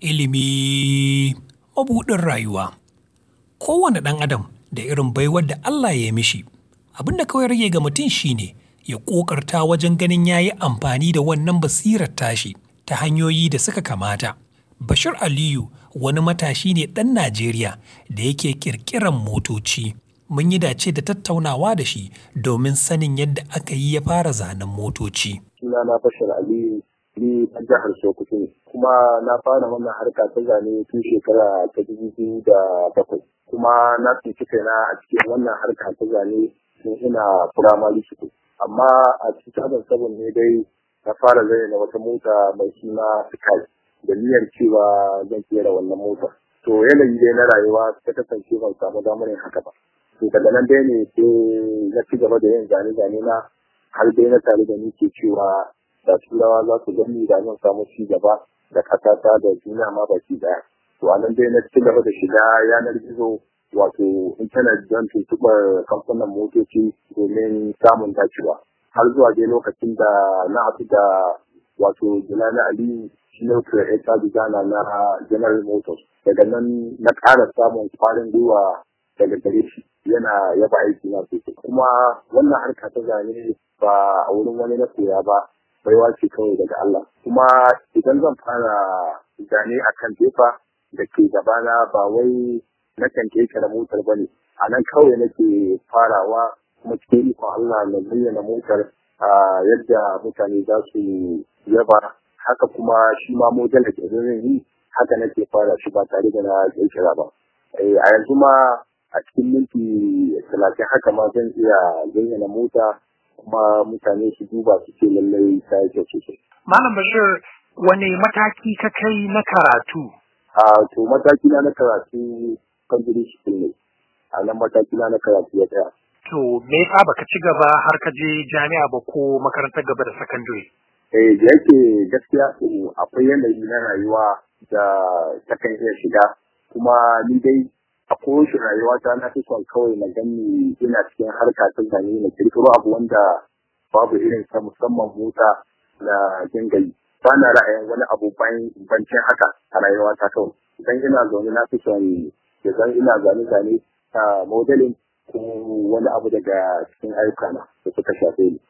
Ilimi mabuɗin rayuwa. Kowane ɗan adam da irin baiwar da Allah ya mishi, abin da kawai rage ga mutum shine ya ƙoƙarta wajen ganin ya yi amfani da wannan basirar tashi ta hanyoyi da suka kamata. Bashir Aliyu wani matashi ne ɗan Najeriya da yake ƙirƙiran motoci. Mun yi dace da tattaunawa da shi domin sanin yadda aka yi ya fara zanen motoci. Sunana Bashir Aliyu ni a jihar Sokoto ne kuma na fara wannan harka ta zane tun shekara ta dubu biyu da bakwai kuma na tsinci kaina a cikin wannan harka ta zane tun ina firamare shi amma a cikin sabon ne dai na fara zai na wata mota mai suna Sky da niyyar cewa zan kera wannan mota to yanayi dai na rayuwa ta kasance ban samu damar yin haka ba to daga nan dai ne sai na ci gaba da yin zane-zane na har dai na tare da ni ke cewa da turawa za su gani da zan samu ci gaba da ƙasata da duniya ma baki daya to a nan dai na ci gaba da shiga yanar gizo wato intanet don tuntuɓar kamfanin motoci domin samun dacewa har zuwa dai lokacin da na haɗu da wato na Ali shi ne creator designer na General Motors daga nan na ƙara samun kwarin gwiwa daga gare shi yana yaba aiki na sosai kuma wannan harka ta zane ba a wurin wani na koya ba baiwa ce kawai daga Allah kuma idan zan fara zane kan jefa da ke gabana ba wai na kan ke kira motar ba ne a nan kawai nake farawa kuma ke ikon Allah na bayyana motar a yadda mutane za su yaba haka kuma shi ma model da ke zan yi haka nake fara shi ba tare da na kirkira ba eh, a yanzu ma a cikin minti talatin haka ma zan iya bayyana mota kuma mutane su duba su ce lallai ta yi kyau sosai. Malam Bashir wane mataki ka kai na karatu? A to mataki na na karatu kan jiri shi ne. A nan mataki na na karatu ya tsaya. To me yasa baka ci gaba har ka je jami'a ba ko makarantar gaba da sakandare? Eh da yake gaskiya eh, akwai yanayi na rayuwa da ta kan shiga kuma ni dai a kowace rayuwa ta na fi son kawai na gani ina cikin harka ta zane na kirkiro abu wanda babu irin ta musamman mota na jingali ba na ra'ayin wani abu bancin haka a rayuwa ta kawai idan ina zaune na fi son da zan ina zane zane a ah, modelin ko wani abu daga cikin ayyuka na da suka shafe ni